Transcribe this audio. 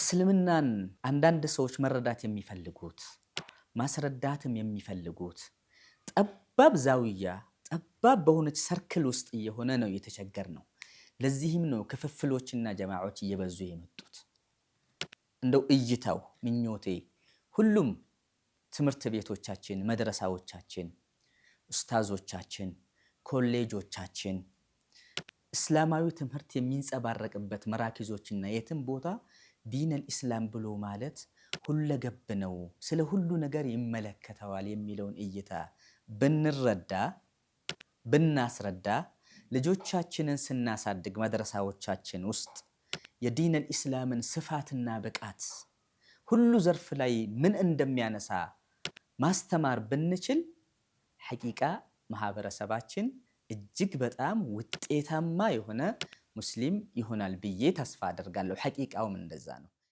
እስልምናን አንዳንድ ሰዎች መረዳት የሚፈልጉት ማስረዳትም የሚፈልጉት ጠባብ ዛውያ ጠባብ በሆነች ሰርክል ውስጥ እየሆነ ነው እየተቸገር ነው። ለዚህም ነው ክፍፍሎችና ጀማዎች እየበዙ የመጡት። እንደው እይታው ምኞቴ ሁሉም ትምህርት ቤቶቻችን፣ መድረሳዎቻችን፣ ኡስታዞቻችን፣ ኮሌጆቻችን እስላማዊ ትምህርት የሚንጸባረቅበት መራኪዞችና የትም ቦታ ዲን ኢስላም ብሎ ማለት ሁለገብ ነው፣ ስለ ሁሉ ነገር ይመለከተዋል የሚለውን እይታ ብንረዳ ብናስረዳ ልጆቻችንን ስናሳድግ መድረሳዎቻችን ውስጥ የዲን ኢስላምን ስፋትና ብቃት ሁሉ ዘርፍ ላይ ምን እንደሚያነሳ ማስተማር ብንችል ሐቂቃ ማህበረሰባችን እጅግ በጣም ውጤታማ የሆነ ሙስሊም ይሆናል ብዬ ተስፋ አደርጋለሁ። ሐቂቃውም እንደዛ ነው።